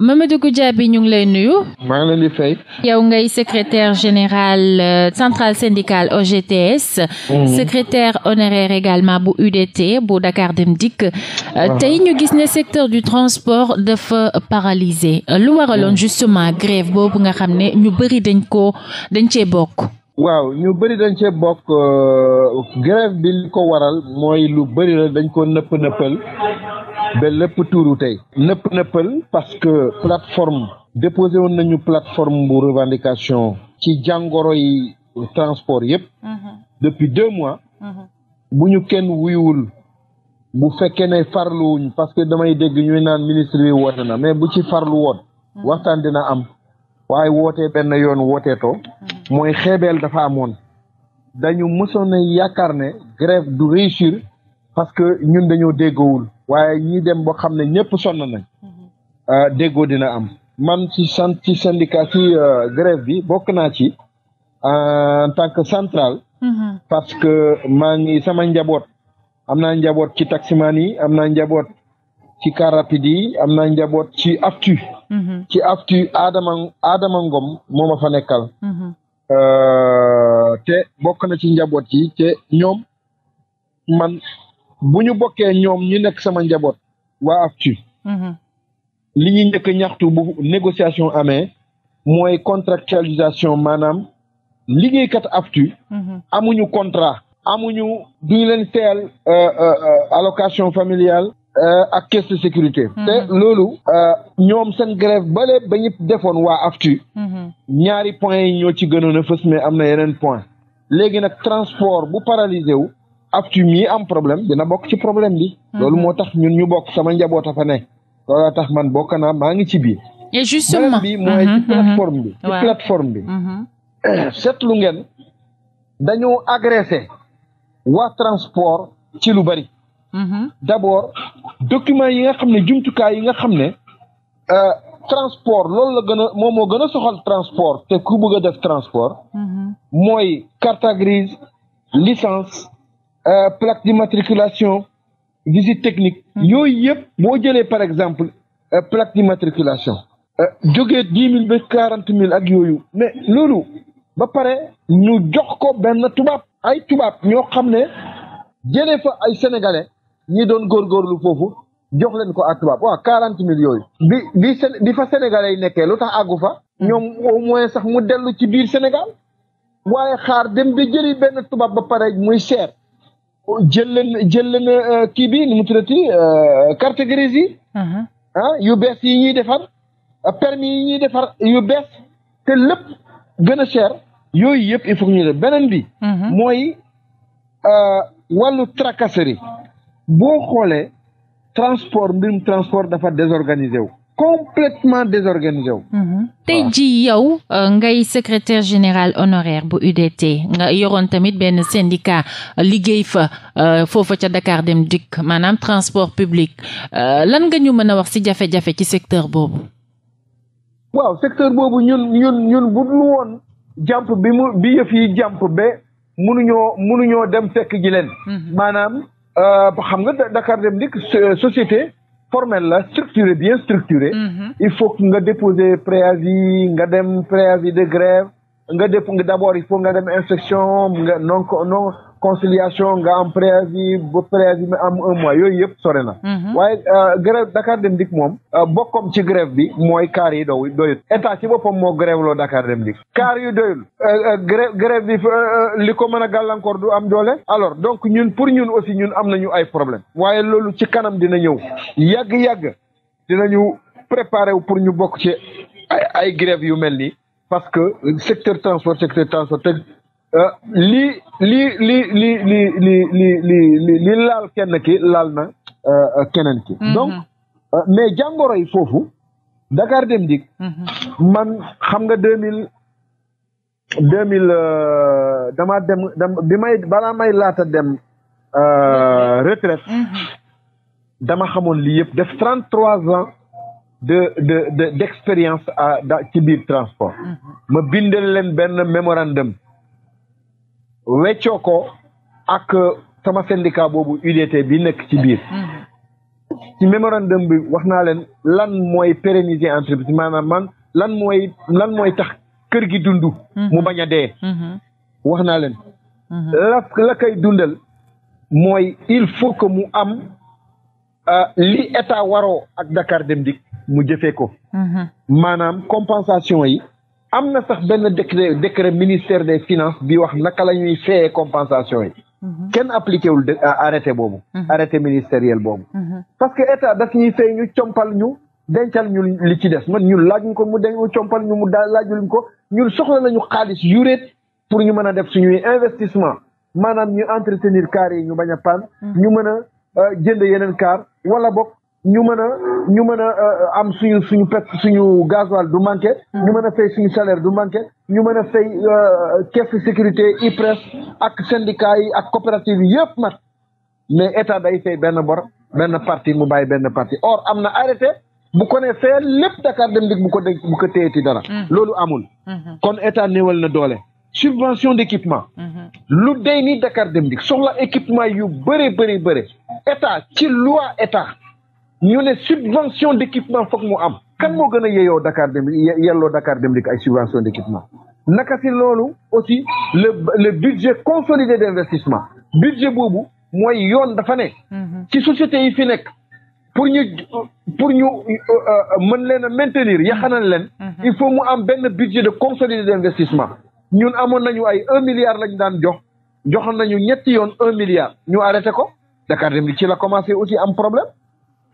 Mamadou Goudiaby ñu ngi lay nuyu. leen di fay. yow ngay secretaire général euh, centrale syndicale OGTS. Mhm. secrétaire honoraire également bu UDT bu Dakar Dem Dikk. Euh, ah. tey ñu gis ne secteur du transport dafa paralysé lu waraloon mhm. justement grève boobu nga xam ne ñu bëri dañ ko dañ cee bokk. waaw ñu bëri dañ cee bokk euh, grève bi li ko waral mooy lu bëri dañ ko nëpp nëppal ba lépp tuuru tey nëpp nëppal parce que plateforme déposé woon nañu plateforme bu revendication ci jàngoro yi transport yëpp mm-hmm. depuis deux mois mm-hmm. bu ñu kenn wuyuwul bu fekkee ne farluwuñ parce que damay dégg ñuy naan ministre bi woote na mais bu ci farlu woon mm-hmm. waxtaan dina am waaye woote benn yoon wooteetoo mm-hmm. mooy xeebeel dafa amoon dañu mësoon a yaakaar ne grève du réussir parce que ñun dañoo déggoowul waaye ñi dem boo xam ne ñëpp sonn nañ mm-hmm. ah, déggoo dina am man ci sant ci syndicat ci euh, grève bi bokk naa ci en tant que mm-hmm. parce que maa ngi sama njaboot am na njaboot ci taximan yi am na njaboot ci car rapide yi am naa njaboot ci aftu Mm-hmm. ci aftu Adama Adama Ngom moo ma fa nekkal. Mm-hmm. Euh, te bokk na ci njaboot yi te ñoom man bu ñu bokkee ñoom ñu nekk sama njaboot waa aftu. Mm-hmm. li ñuy njëkk ñaxtu bu négociation amee mooy contractualisation maanaam liggéeykat aftu amuñu contrat amuñu duñu leen teel euh, euh, allocation familiale Euh, a caisse de sécurité. Mm-hmm. te loolu euh, ñoom seen grève bale ba ñu defoon waa AFTU. Mm-hmm. ñaari points yi ñoo ci gënoon a fës mais am na yeneen point léegi nag transport bu paralysé wu AFTU mii am problème dina bokk ci problème bi. Mm-hmm. loolu moo tax ñun ñu bokk sama njaboot a fa nekk looloo tax man bokk naa maa ngi ci biir. et justement bi mooy ci plateforme bi. ci plateforme bi. seetlu ngeen dañoo agressé waa transport ci lu bari. d'abord. document yi nga xam ne jumtukaay yi nga xam ne euh, transport loolu la gën a moom moo gën a soxal transport te ku bëgg a def transport mm-hmm. mooy carte grise licence euh, plaque d'immatriculation visite technique mm-hmm. yooyu yëpp boo jëlee par exemple euh, plaque d'immatriculation jógee dix mille ba quarante mille ak yooyu mais loolu ba pare ñu jox ko benn tubaab ay tubaab ñoo xam ne jëlee fa ay sénégalais ñi doon góorgóorlu foofu jox leen ko à tubaab waaw quarante mille yooyu. bi bi Séné bi fa Sénégalais yi nekkee lu tax àggu fa. Mm. ñoom au moins sax mu dellu ci biir Sénégal. waaye xaar dem bi jëli benn tubaab ba pare muy cher. jël leen jël euh, kii bi nu mu tuddati euh, carte grise yi. Uh-huh. ah yu bees yi ñuy defar. permis yi ñuy defar yu bees. te lépp gën a cher. yooyu yëpp il faut ñu def beneen bi. Mm-hmm. mooy euh, wàllu tracasserie. boo xoolee transport mbirum transport dafa désorganisé wu complètement désorganisé wu mhm. ji yow euh, ngay secretaire général honoraire bu UDT nga yoroon tamit benn syndicat euh, liggéey fa euh, foofa ca Dakar Dem Dikk maanaam transport public lan nga ñu mën a wax si jafe-jafe ci secteur boobu waaw secteur boobu ñun ñun bu dul woon jàmp bi mu bi yëf yi jàmp dem fekk ji leen mhm. maanaam Euh, xam nga Dakar Dem Dikk société formelle la structurée bien structurée. Mm-hmm. il faut nga déposer préavis nga dem préavis de grève nga def d'abord il faut nga dem inspection nga non non conciliation nga am préavis ba préavis mi am un mois yooyu yëpp sore na mhm. waaye euh, grève Dakar Dem Dikk moom euh, bokkom ci grève bi mooy car yi dow doyut état ci boppam moo grève loo Dakar Dem Dikk kaar yu doyul euh, grève bi li ko mën a gàllankoor du am doole alors donc ñun pour ñun aussi ñun am nañu ay problème waaye loolu ci kanam dina ñëw yàgg-yàgg dinañu préparer wu pour ñu bokk ci ay grève yu mel nii parce que secteur transport secteur transport lii lii lii lii lii lii lii lii lii laal kenn ki laal na euh, keneen ki mm-hmm. euh, mais jàngoro yi foofu Dakar Dem Dikk mm-hmm. man xam nga deux mille deux mille euh, dama dem dam may balaa may laata dem retraite mm-hmm. dama xamoon lii yëpp def trente trois ans de de de d' expérience à ci biir transport ma bindal leen benn mémorandum weccoo ko ak euh, sama syndicat boobu UDT bi nekk ci biir. Mm-hmm. ci mémorandum bi wax naa leen lan mooy pérenniser entreprise maanaam man lan mooy lan mooy tax kër gi dund. Mm-hmm. mu bañ a dee. Mm-hmm. naa leen. la la mooy il faut que mu am euh, li état waroo ak Dakar Dem Dikk mu jëfee ko. maanaam compensation yi. am na sax benn décret décret ministère des finances bi wax naka la ñuy fayee compensation yi mhm. kenn appliqué wul de arrêté boobu mhm. arrêté ministériel boobu mhm. parce que état daf ñuy fay ñu compal ñu dencal ñu li ci des man ñun laajuñ ko mu denc mu compal ñu mu daa laajuluñ ko ñun soxla nañu xaalis yuréet pour ñu mën a def suñuy investissement maanaam ñu entretenir car yi ñu bañ a panne ñu mën a euh, jënd yeneen car wala bokk ñu mën a ñu mën a euh, am suñu suñu pet suñu gasoil du manqué. Hmm. ñu mën a fay suñu salaire du manqué. ñu mën a fay euh, caisse sécurité IPRES ak syndicat yi ak coopérative yi yëpp mat mais état day fay benn bor benn parti mu bàyyi benn parti or am na arrêté bu ko nee fee lépp Dakar dem dik bu ko dégg bu ko téyeti dara. Hmm. loolu amul. Hmm. kon état néewal na doole. subvention d'équipement. lu day ni Dakar dem dik soxla équipement yu bëree bëri bëri état ci loi état. ñu ne subvention d'équipement foog mu am kan moo gën a yeyoo Dakar dem yelloo Dakar dem dikk ay subvention d'équipement naka si loolu aussi le le budget consolidé d'investissement budget boobu mooy yoon dafa ne mm-hmm. ci société yi fi nekk pour ñu pour ñu euh, mën leen a maintenir yaxanal leen mm-hmm. il faut mu am benn budget de consolidé d'investissement ñun amoon nañu ay un milliard lañu daan jox joxoon nañu ñetti yoon un milliard ñu arrêté ko Dakar dem ci la commencé aussi am problème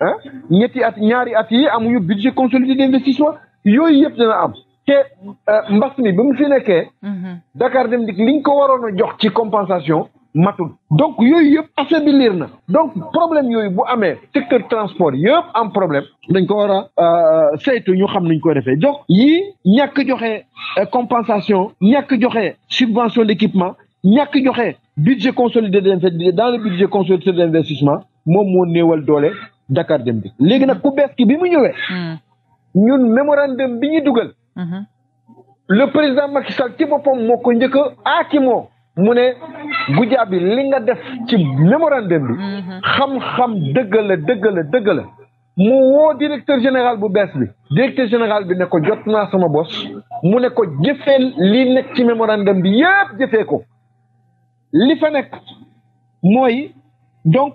ah ñetti at ñaari at yi amuñu budget consolidé d'investissement yooyu yëpp dina am te euh, mbas mi bi mu fi nekkee mhm. Dakar Dem Dikk liñ ko waroon a jox ci compensation matul donc yooyu yëpp liir na donc problème yooyu bu amee secteur transport yëpp am problème dañ ko war a euh, saytu ñu xam nuñ koy defee jox yii ñàkk joxe euh, compensation ñàkk joxe subvention d'équipement ñàkk joxe budget consolidé dans le budget consolidé d'investissement moom moo néewal doole Dakar dem dikk léegi nag ku bees ki bi mu ñëwee. Hmm. ñun mémorandum bi ñu dugal. Hmm. le président Macky Sall ci boppam moo ko njëkk a aakimoo mu ne Goudiaby bi li nga def ci mémorandum bi. Hmm. xam-xam dëgg la dëgg la dëgg la mu woo directeur général bu bees bi. directeur général bi ne ko jot naa sama bos. mu ne ko jëfee li nekk ci mémorandum bi yëpp jëfee ko. li fa nekk mooy. donc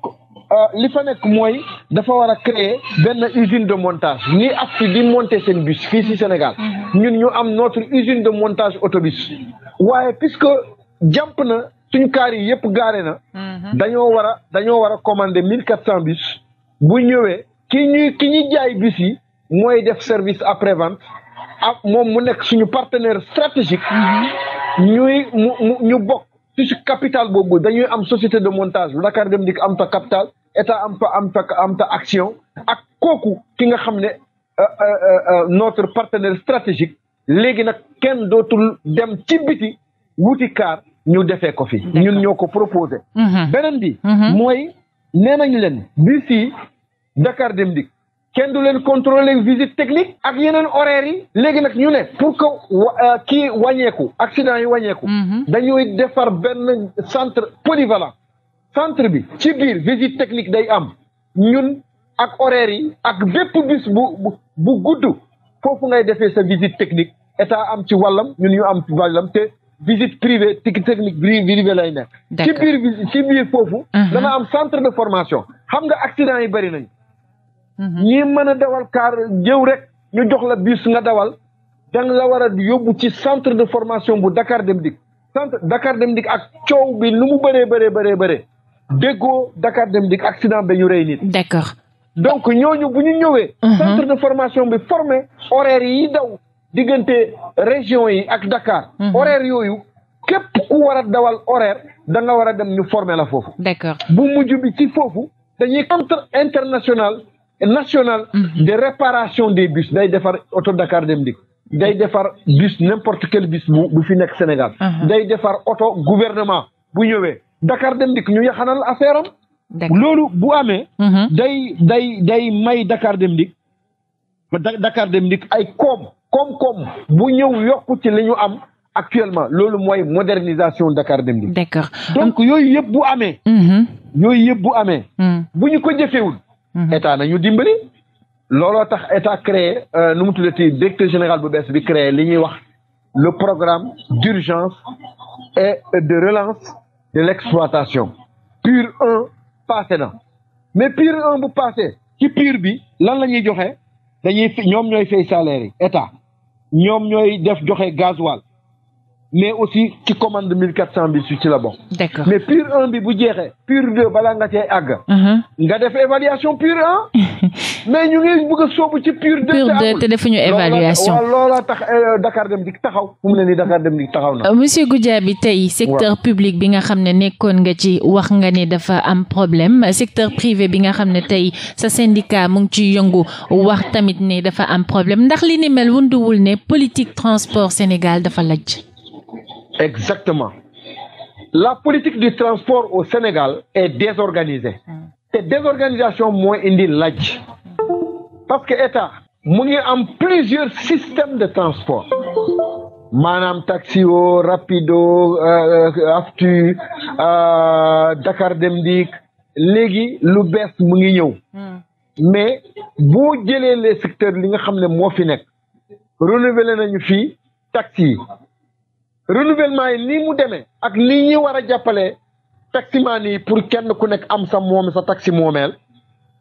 euh, li fa nekk mooy dafa war a créer benn usine de montage ni AFTU di monter seen bus fii si Sénégal mhm. ñun ñu am notre usine de montage autobus waaye puisque jàmp na suñ kaar yi yëpp gaare na mhm. dañoo war a dañoo war a commander mille quatre cent bus bu ñëwee ki ñuy ki ñuy jaay bis yi mooy def service après vente ah moom mu nekk suñu partenaire stratégique mhm. ñuy ñu bokk ci si capital boobu dañuy am société de montage lu Dakar dem dikk am ta capital état am ta am ta am ta action ak kooku ki nga xam ne euh, euh, euh, notre partenaire stratégique léegi nag kenn dootul dem ci biti wuti kaar ñu defee ko fi ñun ñoo ko proposé mhm. beneen bi mhm. mooy nee nañu leen bi si Dakar dem dikk kenn du leen contrôler visite technique ak yeneen horaires yi léegi nag ñu ne pour que euh, kii wàññeeku accident yi wàññeeku mm-hmm. dañuy defar benn centre polyvalent centre bi ci biir visite technique day am ñun ak horaires yi ak bépp bus bu bu gudd foofu ngay defee sa visite technique état am ci wàllam ñun ñu am ci wàllam te visite privée technique privée lay nekk ci biir ci biir foofu mm-hmm. dana am centre de formation xam nga accident yi bëri nañ Mm-hmm. ñi mën a dawal kaar jëw rek ñu jox la bus nga dawal danga la war a yóbbu ci centre de formation bu Dakar Dem Dikk centre Dakar Dem ak coow bi lu mu bëree bëree bëree bëree déggoo Dakar Dem Dikk accident ba ñu rey nit d'accord donc ñooñu bu ñu ñëwee mm-hmm. centre de formation bi formé horaire yi daw diggante région yi ak Dakar mm-hmm. horaire yooyu képp ku war a dawal horaire da nga war a dem ñu formé la foofu d'accord bu mujj bi ci foofu dañuy centre international national mhm. de réparation des bus day defar oto Dakar Dem Dikk day defar bis n'importe quel bis bu bu fi nekk Sénégal mhm. day defar oto gouvernement bu ñëwee Dakar Dem Dikk ñu yaxanal affaire loolu bu amee mhm. day day day may Dakar Dem Dikk Dakar Dem Dikk ay koom koom-koom bu ñëw yokku lañu am actuellement loolu mooy modernisation Dakar Dem Dikk d'accord donc yooyu yëpp bu amee yooyu yëpp bu amee bu ñu ko jëfewul Mhm. état nañu dimbali looloo tax état créé euh, nu mu tuddati directeur général bu bees bi créé li ñuy wax le programme d'urgence et de relance de l'exploitation PUR 1 passé na mais PUR 1 bu passé ci PUR bi lan la ñuy joxe dañuy ñoom ñooy fay salaire yi état ñoom ñooy def joxe gasoil mais aussi ci commande mille quatre cent bi su ci la bokk. d'accord mais pur un bi bu jeexee. pur deux balaa nga cee àgg. Uh-huh. nga def évaluation pur un. mais ñu ngi bëgg soobu ci pur deux. pur deux te évaluation loola tax euh, Dakar taxaw fu mu ne nii Dakar euh, tey secteur public bi nga xam ne nekkoon nga ci wax nga ne dafa am problème secteur privé bi nga xam ne tey sa syndicat mu ngi ciy yëngu wax tamit ne dafa am problème ndax li ni mel wunduwul ne politique transport Sénégal dafa lajj. Exactement. La politique du transport au Sénégal est désorganisée. Mm. te désorganisation mooy indi laaj. parce que état mu ngi am plusieurs systèmes de transport. maanaam taxi o rapido euh, euh, aftu euh, Dakar Dem Dikk léegi lu bees mu ngi ñëw. Mm. mais boo jëlee les secteurs li nga xam ne moo fi nekk renouveler nañu fii taxi yi. renouvellement yi nii mu demee ak nii ñi war a jàppalee taximaan yi pour kenn ku nekk am sa moom sa taxi moomeel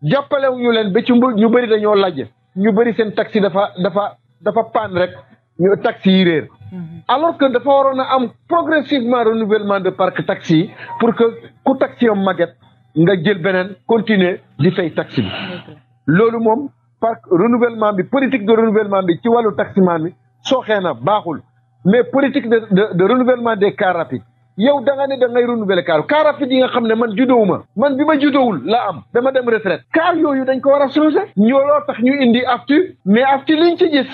jàppale ñu leen ba ci ñu bëri dañoo laaj ñu bëri seen taxi dafa dafa dafa paan rek ñu taxi yi réer mm-hmm. alors que dafa waroon a am progressivement renouvellement de parc taxi yi pour que ku taxi am maget nga jël beneen continuer di fay taxi bi loolu moom parc renouvellement bi politique de renouvellement bi ci wàllu taximaan bi sooxee na baaxul mais politique de de de renouvellement des cars rapides yow da nga ne da ngay renouveler car car yi nga xam ne man judoowuma man bi ma judoowul laa am dama dem retraite car yooyu dañ ko war a changer ñooloo tax ñu indi aftu mais aftu liñ ci gis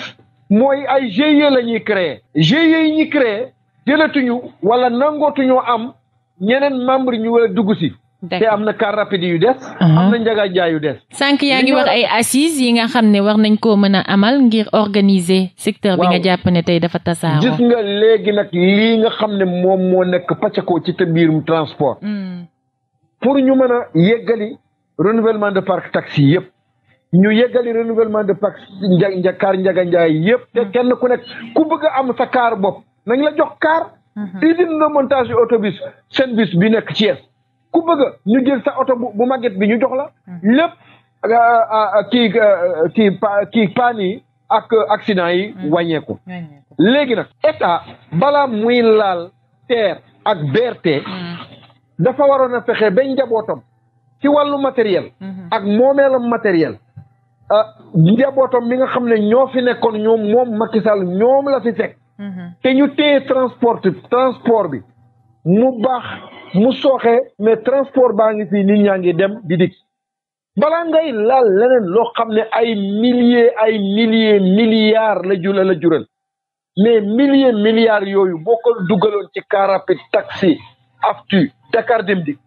mooy ay GIE la ñuy créer GIE yi ñuy créer jëlatuñu wala nangootuñoo am ñeneen membre ñu war a dugg si te am na car rapide yu des. am na njagaaj jaay yu des. sànq yaa ngi wax ay assises yi nga xam ne war nañ koo mën a amal ngir organiser. secteur bi nga jàpp ne tey dafa tasaaroo. gis nga léegi nag lii nga xam ne moom moo nekk pàccakoo ci te mbirum transport. Hmm. pour ñu mën a yeggali renouvellement de parc taxi yëpp. ñu yeggali renouvellement de parc nja nja car njaga yëpp. te hmm. kenn ku nekk ku bëgg am sa car bopp nañ la jox car. Hmm. usine de montage autobus seen bus bi nekk Thiès. ku bëgg ñu jël sa oto bu bu màgget bi ñu jox la. Hmm. lépp euh, euh, euh, kii kii pa kii paan ak accident yi. Hmm. wàññeeku léegi nag état balaa muy laal TER ak BRT. Hmm. dafa waroon a fexe ba njabootam ci wàllu matériel. ak moomeelam matériel. njabootam mi nga xam ne ñoo fi nekkoon ñoom moom Macky ñoom la fi fekk. te ñu téye transport transport bi. mu baax mu sooxe mais transport baa ngi fii nit ñaa ngi dem di dikk balaa ngay laal leneen loo xam ne ay milliers ay milliers milliards la jula la jural mais milliers milliards yooyu boo ko dugaloon ci car rapide taxi aftu Dakar Dem Dikk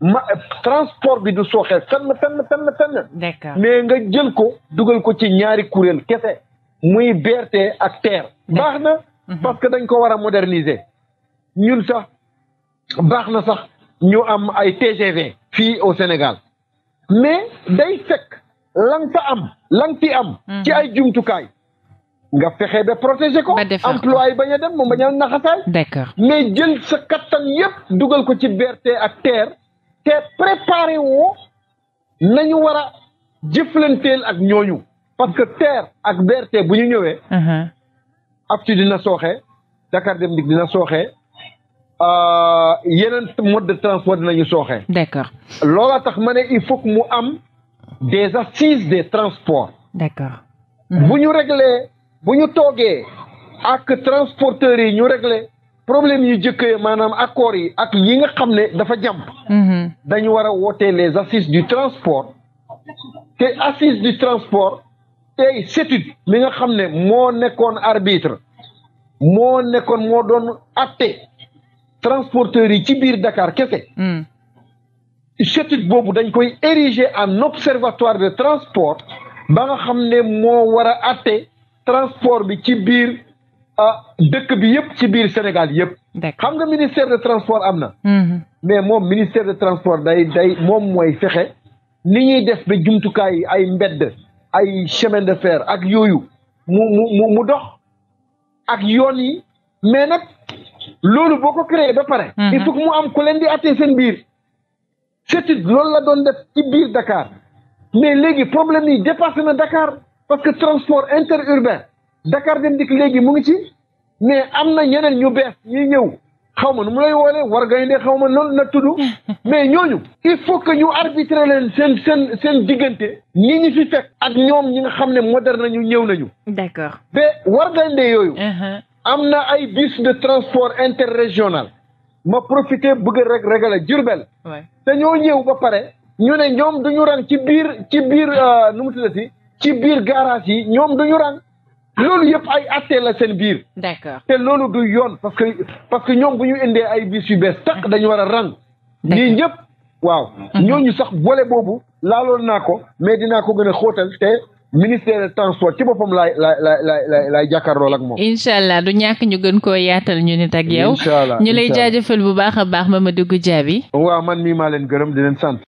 ma transport bi du sooxee fenn fenn fenn fenn mais nga jël ko dugal ko ci ñaari kuréel kese muy BRT ak TER baax na mhm. parce que dañ ko war a moderniser ñun sax baax na sax ñu am ay TGV fii au Sénégal mais day fekk lang fa am lang fi am mhm. ci ay jumtukaay nga fexe ba protéger ko employé bañ a dem moom bañ a naxasaay d'accord mais jël sa kattan yépp dugal ko ci berte ak terre te préparé woo nañu war a jëflanteel ak ñooñu parce que terre ak berte bu ñu ñëwee mhm. af ci dina sooxee Dakar Dem Dikk dina sooxee Euh, yeneen mot de transport dinañu sooxee. d'accord loola tax ma ne il faut mu am des assises des transport d'accord mm-hmm. bu ñu réglé bu ñu toogee ak transporteurs yi ñu réglé problème ñu jëkkee maanaam accords yi ak yi nga xam ne dafa jàmp mm-hmm. dañu war a wootee les assises du transport te assises du transport tey CETUD mi nga xam ne moo nekkoon arbitre moo nekkoon moo doon atte transporteurs yi ci biir Dakar kese. CETUD hmm. boobu dañ koy ériger en observatoire de transport ba nga xam ne moo war a atte transport bi ci biir ah, dëkk bi yëpp ci biir Sénégal yëpp. xam nga ministère de transport am na. Hmm. mais moom ministère de transport day day moom mooy fexe ni ñuy def ba jumtukaay ay mbedd ay chemin de fer ak yooyu mu mu mu dox ak yoon yi mais nag. loolu boo ko créé ba pare. Mhm. il faut que mu am ku leen di àttee seen biir. CETUD lool la doon def ci biir Dakar mais léegi problème nii dépassé na Dakar parce que transport interurbain Dakar dem dikk léegi mu ngi ci mais am na ñeneen ñu bees ñuy ñëw xaw ma nu mu lay woolee war gaynde xaw ma noonu la tudd mais ñooñu il faut que ñu arbitrer leen seen seen seen diggante ñi ñi fi fekk ak ñoom ñi nga xam ne moderne ñu ñëw nañu. d'accord ba war gaynde yooyu. Uh-huh. am na ay bus de transport interrégional ma profité bëgg rek régler Jurbel te ñoo ñëw ba pare ñu ne ñoom duñu rang ci biir ci biir euh, nu mu tuddati ci biir garage yi ñoom duñu rang loolu yëpp ay atte la seen biir d'accord te loolu du yoon parce que parce que ñoom bu ñu indee ay bus yu bees taq dañu war a rang ñii ñëpp waaw mhm. ñooñu sax boole boobu laaloon naa ko mais dinaa ko gën a xóotal te ministère des transports ci boppam laay laay laay laay laay jàkkaarloo ak moom. incha allah du ñàkk ñu gën koo yaatal ñu nit ak yow. incha allah ñu lay jaajëfal bu baax a baax ma Mamadou Goudiaby. waaw man mii maa leen gërëm di leen sant.